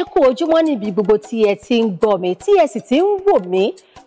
ẹ kú ojúmọ́ níbi gbogbo tí ẹ ti ń gbọ́ mi tí ẹ sì ti ń wò mí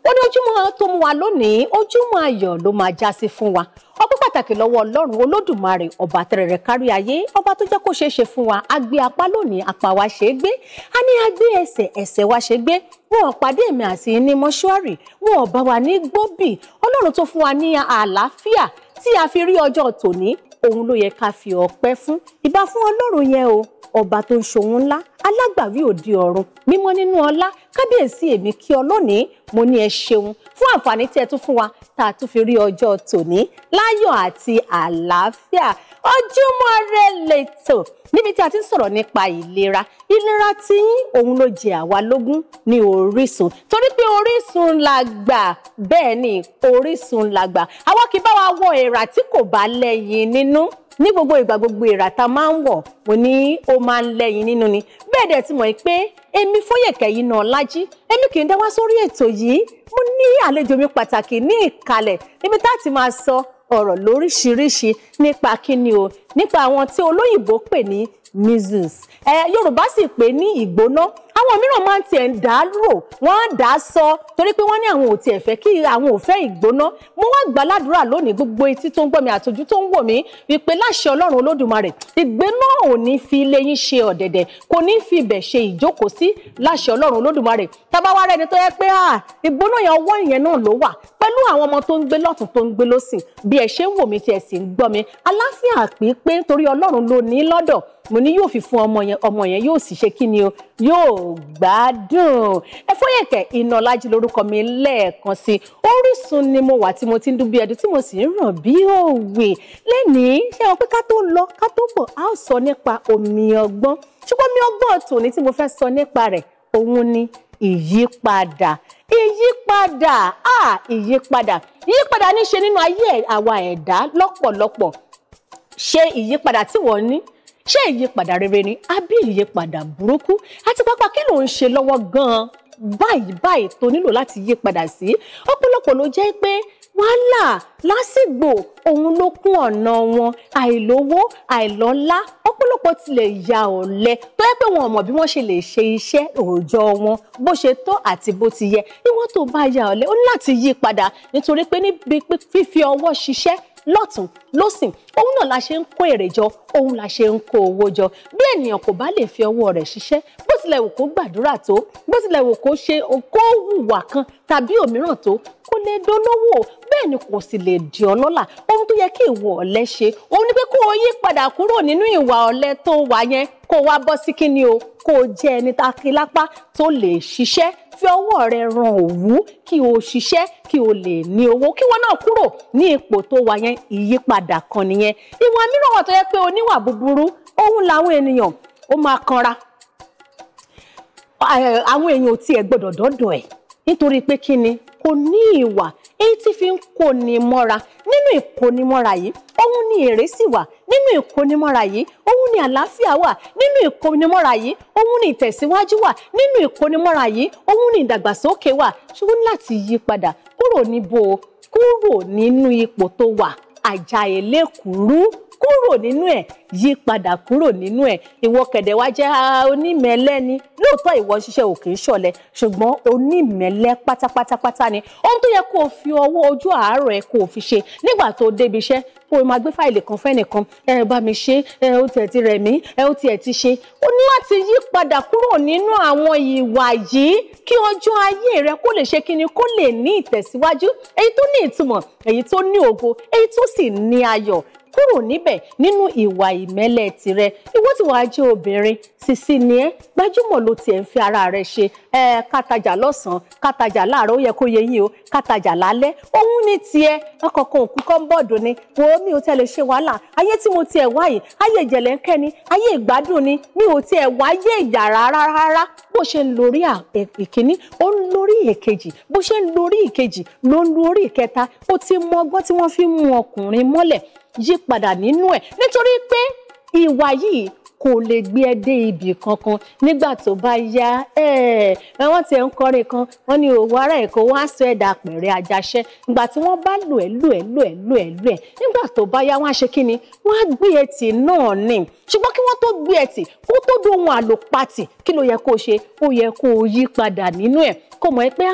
ó ní ojúmọ́ tó mú wa lónìí ojúmọ́ ayọ̀ ló máa já sí fún wa ọpẹ́ pàtàkì lọ́wọ́ Ọlọ́run Olódùmarè ọba tẹrẹrẹ kárí ayé ọba tó jẹ́ kó ṣeé ṣe fún wa a gbé apá lónìí apá wa ṣe é gbé a ní a gbé ẹsẹ̀ ẹsẹ̀ wa ṣe gbé wọn ò pàdé èmi àti ní mọ́ṣúárì wọn ò bá wa ní gbóbì Ọlọ́run tó fún wa ní àlàáfíà tí a fi rí ọjọ́ tòní òun ló yẹ ká fi ọpẹ́ fún ìbá fún Ọlọ́run yẹn o ọba tó ń ṣohun ńlá alágbàwí òde ọ̀run mímọ́ nínú ọlá kábíyèsí èmi kí ọ lónìí mo ní ẹ ṣeun fún àǹfààní tí ẹ tún fún wa tá a tún fi rí ọjọ́ tòní láyọ̀ àti àlàáfíà ojúmọ́ rẹ lẹ́tọ̀ níbi tí a ti ń sọ̀rọ̀ nípa ìlera ìlera tí òun ló jẹ àwa lógún ní Orísun torí pé Orísun la gbà bẹ́ẹ̀ ni Orísun la gbà àwa kì í bá wa wọ èèrà tí kò bá lẹ́yìn nínú ní gbogbo ìgbà gbogbo ìrà tá a máa ń wọ̀ mo ní ó máa ń lẹ́yìn nínú ni bẹ́ẹ̀ dẹ̀ ti mọ̀ pé èmi Fóyèkẹ́ Inaọlájí èmi kì í dá wá sórí ètò yìí mo ní àlejò mi pàtàkì ní ìkàlẹ̀ níbi tá a ti máa sọ ọ̀rọ̀ lóríṣiríṣi nípa kíni o nípa àwọn tí olóyìnbó pè ní mizus ẹ Yorùbá sì pè ní ìgbóná àwọn mìíràn máa ń tiẹ̀ ń dá rò wọ́n á dá sọ torí pé wọ́n ní àwọn ò tiẹ̀ fẹ́ kí àwọn ò fẹ́ ìgbóná mo wá gbà ládùúrà lónìí gbogbo etí tó ń gbọ́ mi àtòjú tó ń wò mí wípé láṣẹ ọlọ́run olódùmarè ìgbéná ò ní fi ilé yín ṣe ọ̀dẹ̀dẹ̀ kò ní fi ibẹ̀ ṣe ìjókòó sí láṣẹ ọlọ́run olódùmarè tábà wá rẹni tó yẹ pé ah, ìgbóná yẹn ọwọ́ ìyẹn náà ló wà pẹ̀lú àwọn ọmọ tó ń gbé lọ́tún tó ń gbé lọ́sìn bí ẹ ṣe ń wò mí tí ẹ sì ń gbọ́ mi aláfíà pípé torí ọlọ́run ló ní lọ́dọ̀ mo ní yóò fi fún ọmọ yẹn ọmọ yẹn yóò sì ṣe kí ni o yóò gbádùn ẹ Fóyèkẹ́ Inaọlájí lórúkọ mi lẹ́ẹ̀kan sí Orísun ni mo wà tí mo ti ń dún bí ẹdun tí mo sì ń ràn bí òwe lẹ́nìí ṣé wọn pé ká tó lọ ká tó bọ̀ a sọ nípa omi ọgbọ́n ṣùgbọ́n omi ọgbọ́n tòní tí mo fẹ́ sọ nípa rẹ̀ òun ni ìyípadà ìyípadà à ìyípadà ìyípadà ní ṣe nínú ayé àwa ẹ̀dá lọ́pọ̀lọpọ̀ ṣe ìyípadà tí wọ́n ní ṣé ìyípadà rere ni àbí ìyípadà burúkú àti pápá kí ló ń ṣe lọ́wọ́ gan-an báyìí báyìí tó nílò láti yí padà sí ọ̀pọ̀lọpọ̀ ló jẹ́ pé wàhálà lásìgbò òun ló kún ọ̀nà wọn àìlówó àìlọ́lá ọ̀pọ̀lọpọ̀ tilẹ̀ ya ọ̀lẹ tó yẹ pé wọn ò mọ̀ bí wọ́n ṣe lè ṣe iṣẹ́ òòjọ́ wọn bó ṣe tọ́ àti bó ti yẹ níwọ̀n tó bá ya ọ̀lẹ ó ní láti yí padà nítorí pé níbi fífi ọwọ́ ṣiṣẹ́ lọ́tún lọ́sìn òun náà la ṣe ń kó èrè jọ òun la ṣe ń kó owó jọ bí ènìyàn kò bá lè fi ọwọ́ rẹ̀ ṣiṣẹ́ bó tilẹ̀ wù kó gbàdúrà tó bó tilẹ̀ wù kó ṣe kó hùwà kan tàbí òmíràn tó kó lè dolówó bẹ́ẹ̀ ni kò sì lè di ọlọ́lá ohun tó yẹ kí ìwọ ọ̀lẹ ṣe òun ni pé kó o yí padà kúrò nínú ìwà ọ̀lẹ tó wà yẹn kó o wá bọ́ sí kíni o kó o jẹ́ ẹni takilápá tó lè ṣiṣẹ́ fi ọwọ́ rẹ ran òwú kí o ṣiṣẹ́ kí o lè ní owó kí wọn náà kúrò ní ipò tó wà yẹn ìyípadà àdàkàdà kan nìyẹn ìwà mìíràn wà tó yẹ pé oníwà búburú òun làwọn ènìyàn ó máa kanra àwọn èèyàn ò tiẹ̀ gbọ́dọ̀ dọ́dọ̀ ẹ̀ nítorí pé kí ni kò ní ìwà èyí tí fi ń kóni mọ́ra nínú ìkónimọ́ra yìí òun ni èrè sì wà nínú ìkónimọ́ra yìí òun ni àlàáfíà wà nínú ìkónimọ́ra yìí òun ni ìtẹ̀síwájú wà nínú ìkónimọ́ra yìí òun ni ìdàgbàsókè wà ṣùgbọ́n láti yí padà kúrò níbo kúrò nínú ipò tó wà àjàyèlékùrú kúrò nínú ẹ̀ yí padà kúrò nínú ẹ̀ ìwọ kẹ̀dẹ̀ wá jẹ́ onímẹ̀lẹ́ ni lóòótọ́ ìwọ ṣiṣẹ́ ò kì í ṣọ̀lẹ ṣùgbọ́n onímẹ̀lẹ́ pátápátápátá ni ohun tó yẹ kó o fi ọwọ́ ojú àárọ̀ ẹ kó o fi ṣe nígbà tó débi iṣẹ́ kó o máa gbé fáìlì kan fẹ́nìkan ẹ bá mi ṣe ẹ ó tiẹ̀ ti rẹ̀ mí ẹ ó tiẹ̀ ti ṣe o ní láti yí padà kúrò nínú àwọn ìwà yìí kí ọjọ́ ayé rẹ kó lè ṣe kíni kó lè ní ìtẹ̀síwájú èyí tó ní ìtumọ̀ èyí tó ní ògo èyí tó sì ní ayọ̀ kúrò níbẹ̀ nínú ìwà ìmẹ́lẹ̀ tirẹ̀ ìwọ tí wàá jẹ́ obìnrin sisi ni ẹ́ gbajúmọ̀ ló tiẹ̀ ń fi ara rẹ̀ ṣe ẹ kàtàjà lọ́sàn-án kàtàjà láàárọ̀ ó yẹ kó yẹ yín o kàtàjà lálẹ́ òun ní tiẹ̀ ọkọ̀ọ̀kan òkú kan bọ̀dọ̀ ni wo mi ò tẹ́lẹ̀ ṣe wàhálà ayé tí mo tiẹ̀ wá yìí ayé ìjẹ̀lẹ̀ ni ayé ìgbádùn ni mi ò tiẹ̀ wá ayé ìjà rárá rárá bó ṣe ń lórí ìkíní ó ń lórí ìkejì bó ṣe ń lórí ìkejì ló ń lórí ìkẹta ó ti mọ ọgbọ́n tí wọ́n fi ń mú ọkùnrin mọ́lẹ̀ yí padà nínú ẹ̀ nítorí pé ìwà yìí kò lè gbé ẹ dé ibì kankan nígbà tó bá yá ẹ ẹ wọ́n tiẹ̀ ń kọrin kan wọ́n ní òwò ara ẹ̀kọ́ wọ́n á sọ ẹ̀dà pẹ̀rẹ̀ àjàṣẹ́ nígbà tí wọ́n bá lù ẹ́ lù ẹ́ lù ẹ́ lù ẹ́ lù ẹ́ nígbà tó bá yá wọ́n á ṣe kí ni wọ́n á gbé ẹtì náà ni ṣùgbọ́n kí wọ́n tó gbé ẹtì kó tó dohun àlòpatì kí ló yẹ kó o ṣe ó yẹ kó o yí padà nínú ẹ̀ kó mọ̀ ẹ́ pé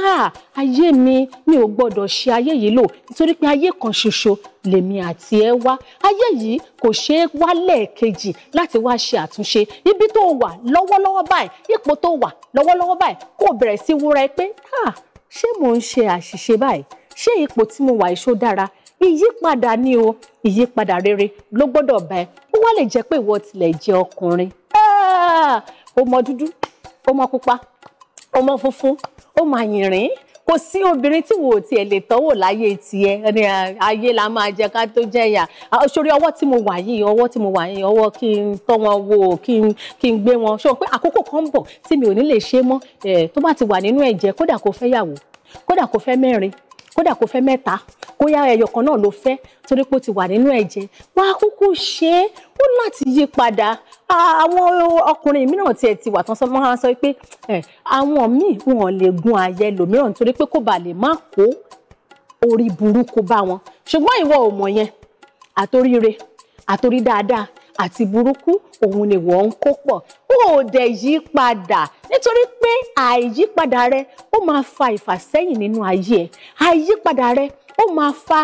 ayé mi mi ò gbọ́dọ̀ ṣe ayé yìí lò nítorí pé ayé kan ṣoṣo lèmi àti ẹ wá ayé yìí kò ṣeé wá lẹ́ẹ̀kejì láti wá ṣe àtúnṣe ibi tó wà lọ́wọ́lọ́wọ́ báyìí ipò tó wà lọ́wọ́lọ́wọ́ báyìí kó bẹ̀rẹ̀ sí wúra ẹ pé ṣé mò ń ṣe àṣìṣe báyìí ṣé ipò tí mo wà ìṣó dára ìyípadà ni o ìyípadà rere ló gbọ́dọ̀ bá ẹ ó wá lè jẹ́ pé ìwọ tilẹ̀ jẹ́ ọkùnrin ọmọ dúdú ọmọ pupa ọmọ funfun ọmọ àyìnrín kò sí obìnrin tí wò ó tiẹ̀ lè tọ́wò láyé tiẹ̀ ẹni ayé la máa jẹ ká tó jẹ̀yà sórí ọwọ́ tí mo wà yìí ọwọ́ tí mo wà yìí ọwọ́ kí n tọ́ wọn wò kí n kí n gbé wọn sọ pé àkókò kan bọ̀ tí mi ò ní lè ṣe mọ́ tó bá ti wà nínú ẹ̀jẹ̀ kódà kó fẹ́ yàwó kódà kó fẹ́ mẹ́rin kódà kó fẹ́ mẹ́ta kó yá ẹyọ kan náà ló fẹ́ torí pé ó ti wà nínú ẹ̀jẹ̀ wá kúkú ṣe é ó láti yí padà àwọn ọkùnrin mìíràn tiẹ̀ ti wà tán sọ máa sọ pé àwọn míì wọn lè gun ààyè ẹlòmíràn torí pé kó ba lè má kó orí burúkú bá wọn ṣùgbọ́n ìwọ ò mọ̀ yẹn àtoríire àtorí dáadáa àti burúkú òun ni wọ́n ń kó pọ̀ ó dẹ̀ yí padà nítorí pé àìyípadà rẹ ó máa fa ìfàsẹ́yìn nínú ayé ẹ àìyípadà rẹ ó máa fa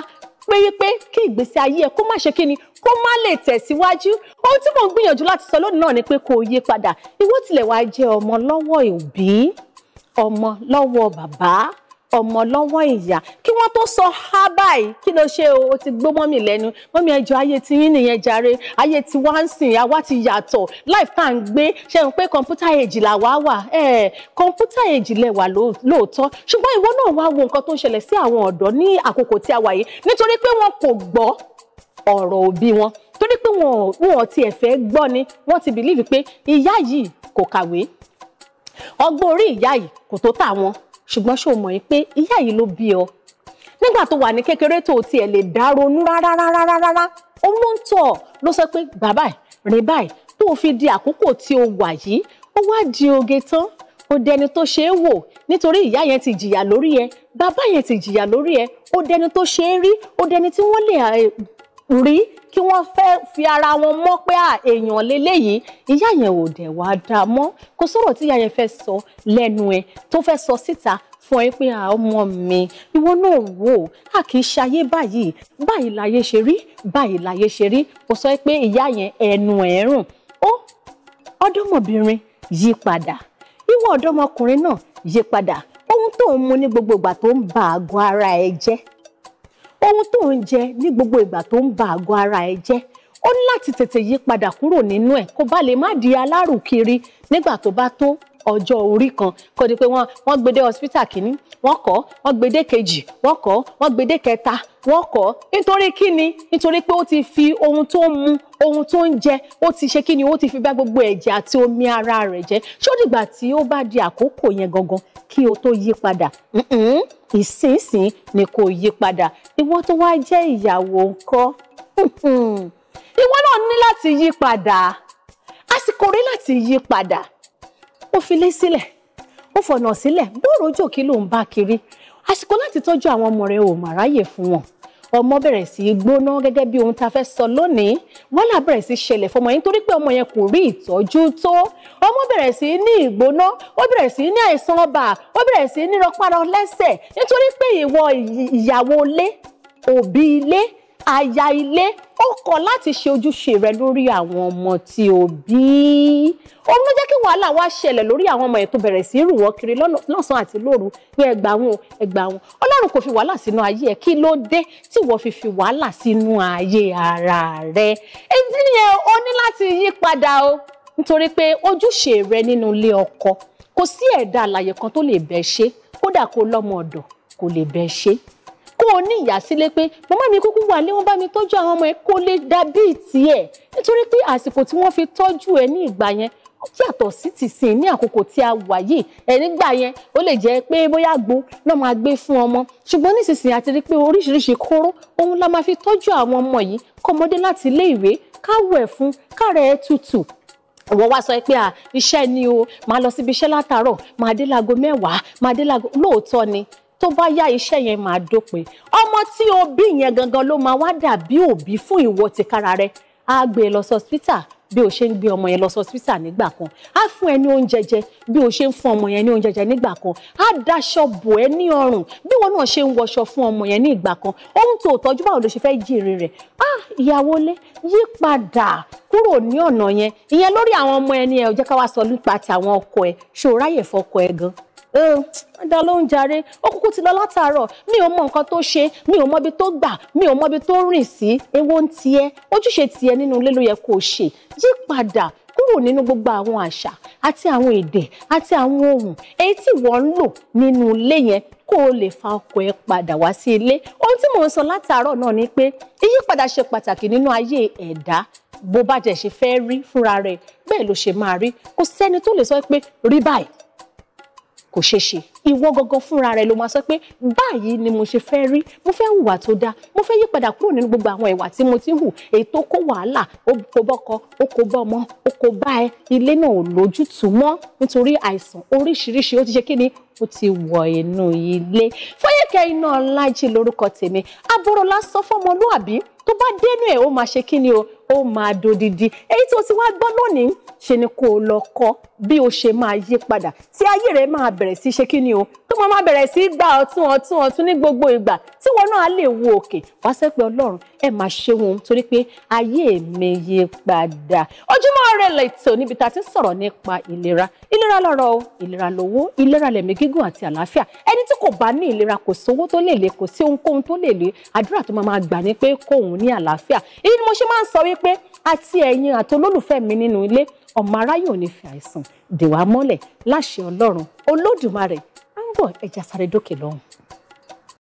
pérépé kí ìgbésí ayé ẹ kó má ṣe kíni kó má lè tẹ̀síwájú ohun tí mò ń gbìyànjú láti sọ lónìí náà ni pé kó yí padà ìwọ tilẹ̀ jẹ́ ọmọ lọ́wọ́ òbí ọmọ lọ́wọ́ bàbá ọmọ lọ́wọ́ ìyá kí wọ́n tó sọ ha báyìí kí ló ṣe o ti gbó mọ́mì lẹ́nu mọ́mì ẹjọ́ ayé ti yín nìyẹn jàre ayé ti wá ń sìn àwa ti yàtọ̀ life tá à ń gbé ṣe ń pé kọ̀ǹpútà èjì là wá wà ẹ̀ kọ̀ǹpútà èjì lẹ̀ wà lóòótọ́ ṣùgbọ́n ìwọ náà wá wo nǹkan tó ń ṣẹlẹ̀ sí àwọn ọ̀dọ́ ní àkókò tí a wà yìí nítorí pé wọn kò gbọ́ ọ̀rọ̀ òbí wọn torí pé wọn ò tiẹ̀ gbọ́ ni wọ́n ti bìlíìfì pé ìyá yìí kò kàwé ọgbọ́n orí ìyá yìí kò tó tà wọn ṣùgbọ́n ṣó mọ̀ yìí pé ìyá yìí ló bí ọ nígbà tó wà ní kékeré tó tiẹ̀ lè dá ronú rárá rárá rárá òun ló ń tọ̀ ọ́ ló sọ pé bàbá ẹ̀ rìn báyìí tó fi di àkókò tí o wà yìí ó wá di oge tán ó dẹni tó ṣe é wò nítorí ìyá yẹn ti jìyà lórí ẹ bàbá yẹn ti jìyà lórí ẹ ó dẹni tó ṣe é rí ó dẹni tí wọ́n lè rí kí wọ́n fẹ́ fi ara wọn mọ̀ pé à èèyàn lélẹ́yìí ìyá yẹn ò dẹ̀ wá dá mọ́ kò sọ̀rọ̀ tí ìyá yẹn fẹ́ sọ lẹ́nu ẹ̀ tó fẹ́ sọ síta fún ẹ pé ọmọ mi ìwọ náà wò á kì í ṣayé báyìí báyìí láyé ṣe rí báyìí láyé ṣe rí kò sọ pé ìyá yẹn ẹnu ẹ̀ rùn ó ọ̀dọ́mọbìnrin yí padà ìwọ ọ̀dọ́mọkùnrin náà yí padà ohun tó ń mu ní gbogbo ìgbà tó ń ba ara ẹ jẹ́ ohun tó ń jẹ ní gbogbo ìgbà tó ń ba àgọ́ ara ẹ jẹ́ ó ní láti tètè yí padà kúrò nínú ẹ̀ kó ba lè má di alárùkiri nígbà tó bá tó ọjọ́ orí kan kó di pé wọ́n wọ́n gbé hospital kìíní wọ́n kọ́ wọ́n gbé dé kejì wọ́n kọ́ wọ́n gbé dé kẹta wọ́n kọ́ nítorí kí ni nítorí pé ó ti fi ohun tó ń mu ohun tó ń jẹ ó ti ṣe kí ni ó ti fi bá gbogbo ẹ̀jẹ̀ àti omi ara rẹ̀ jẹ́ ṣó dìgbà tí ó bá di àkókò yẹn gangan kí o tó yí padà ìsinsìn ni kò yí padà ìwọ tó wá jẹ́ ìyàwó ńkọ́ ìwọ náà ní láti yí padà àsìkò rí láti yí padà ó filé sílẹ̀ ó fọ̀nà sílẹ̀ bóòrò òjò kí ló ń bá kiri àsìkò láti tọ́jú àwọn ọmọ rẹ̀ ò mà ráyè fún wọn ọmọ bẹ̀rẹ̀ sí í gbóná gẹ́gẹ́ bí ohun tá a fẹ́ sọ lónìí wàhálà bẹ̀rẹ̀ sí í ṣẹlẹ̀ fọmọ yẹn torí pé ọmọ yẹn kò rí ìtọ́jú tó ọmọ bẹ̀rẹ̀ sí í ní ìgbóná ó bẹ̀rẹ̀ sí í ní àìsàn ọba ó bẹ̀rẹ̀ sí í ní rọpárọ lẹ́sẹ̀ nítorí pé ìwọ ìyàwó ilé òbí ilé aya ilé ó kọ̀ láti ṣe ojúṣe rẹ̀ lórí àwọn ọmọ tí o bí òun ló jẹ́ kí wàhálà wá ṣẹlẹ̀ lórí àwọn ọmọ yẹn tó bẹ̀rẹ̀ sí í rù wọ́n kiri lọ́sàn-án àti lóru pé ẹgbà wọn ẹgbà wọn ọlọ́run kò fi wàhálà sínú ayé ẹ kí ló dé tí wọ́n fi fi wàhálà sínú ayé ara rẹ èyí nìyẹn o ní láti yí padà o nítorí pé ojúṣe rẹ nínú ilé ọkọ kò sí ẹ̀dá àlàyé kan tó lè bẹ́ ṣe kódà kó lọ́mọ ọ̀dọ̀ kò lè bẹ́ ṣe kó o ní ìyá sílé pé màmá mi kúkú wà lé wọn bá mi tọ́jú àwọn ọmọ ẹ kó lè dà bíi tiẹ̀ nítorí pé àsìkò tí wọ́n fi tọ́jú ẹ ní ìgbà yẹn yàtọ̀ sí ti sìn ní àkókò tí a wà yìí ẹ̀nígbà yẹn ó lè jẹ́ pé bóyá àgbo náà máa gbé fún ọmọ ṣùgbọ́n nísinsìnyí a ti rí pé oríṣiríṣi kóró ohun la máa fi tọ́jú àwọn ọmọ yìí kọ́mọdé láti ilé ìwé ká wẹ̀ fún kára ẹ̀ tutù wọ́n wá sọ pé à iṣẹ́ ni o máa lọ síbi iṣẹ́ látàárọ̀ máa dé láago mẹ́wàá máa dé láago lóòótọ́ ni tó bá yá iṣẹ́ yẹn máa dópin ọmọ tí o bí yẹn gangan ló máa wá dàbí òbí fún ìwọ tìkára rẹ á gbé e lọ sọ́sítà bí o ṣe ń gbé ọmọ yẹn lọ sọ́sítà nígbà kan á fún ẹ ní oúnjẹ jẹ bí o ṣe ń fún ọmọ yẹn ní oúnjẹ jẹ nígbà kan á daṣọ bò ẹ ní ọrùn bí wọn náà ṣe ń wọṣọ fún ọmọ yẹn ní ìgbà kan ohun tó tọ́jú báwo ló ṣe fẹ́ jèrè rẹ̀ á ìyàwó lé yí padà kúrò ní ọ̀nà yẹn ìyẹn lórí àwọn ọmọ ẹni ẹ ò jẹ́ ká wá sọ nípa tàwọn ọkọ ẹ ṣòráyè fọkọ ẹ gan dá lóhùn jàre ó kúkú ti lọ látàárọ̀ mi ò mọ nǹkan tó ṣe mi ò mọbi tó gbà mi ò mọbi tó rìn sí èwo ń tiẹ̀ ojúṣe tiẹ̀ nínú ilé ló yẹ kó o ṣe yí padà kúrò nínú gbogbo àwọn àṣà àti àwọn èdè àti àwọn ohun èyí tí wọ́n ń lò nínú ilé yẹn kó o lè fa ọkọ̀ ẹ padà wá sí ilé ohun tí mò ń sọ látàárọ̀ náà ni pé ìyípadà ṣe pàtàkì nínú ayé ẹ̀dá bó bá jẹ́ ṣe fẹ́ rí fúnra rẹ̀ bẹ́ẹ̀ ló ṣe máa rí kò sẹ́ni tó lè sọ pé rí báyìí 柯西西。ìwọ gangan fúnra rẹ ló máa sọ pé báyìí ni mo ṣe fẹ́ rí mo fẹ́ hùwà tó dáa mo fẹ́ yí padà kúrò nínú gbogbo àwọn ìwà tí mo ti hù èyí tó kó wàhálà ó kó bọ́kọ ó kó bá ọmọ ó kó bá ẹ ilé náà ò lójútùú mọ́ nítorí àìsàn oríṣiríṣi ó ti ṣe kí ni ó ti wọ inú ilé Fọyẹ́kẹ́ Ináọlájí lórúkọ tèmi aboro lásán fọmọlúàbí tó bá dénú ẹ ó máa ṣe kí ni o ó máa dodidi èyí tó ti wá gbọ́ lónìí ṣe ni kó o lọ kọ́ bí o ṣe máa yí padà tí ayé rẹ máa bẹ̀rẹ̀ sí ṣe kí ni o tó máa máa bẹ̀rẹ̀ sí í gbà ọ̀tún ọ̀tún ọ̀tún ní gbogbo ìgbà tí wọn náà á lè wo òkè wá sẹ́pẹ́ ọlọ́run ẹ máa ṣe wọn torí pé ayé mi yí padà ojúmọ́ ire lẹ́tọ̀ níbi tá a ti ń sọ̀rọ̀ nípa ìlera ìlera lọ́rọ̀ o ìlera lówó ìlera lẹ̀mí gígùn àti àlàáfíà ẹni tí kò bá ní ìlera kò sówó tó lè lè kò sí ohunkóhun tó lè lè àdúrà tó máa gbà ní pé kóhun ní àlàáfíà èyí ni mo ṣe máa ń sọ wípé àti ẹ̀yin àti olólùfẹ́ mi nínú ilé ọmọ aráyò ní fi àìsàn dèwà mọ́lẹ̀ láṣẹ ọlọ́run olódùmarè bọ̀ ẹja sáré dókè lọ́hùn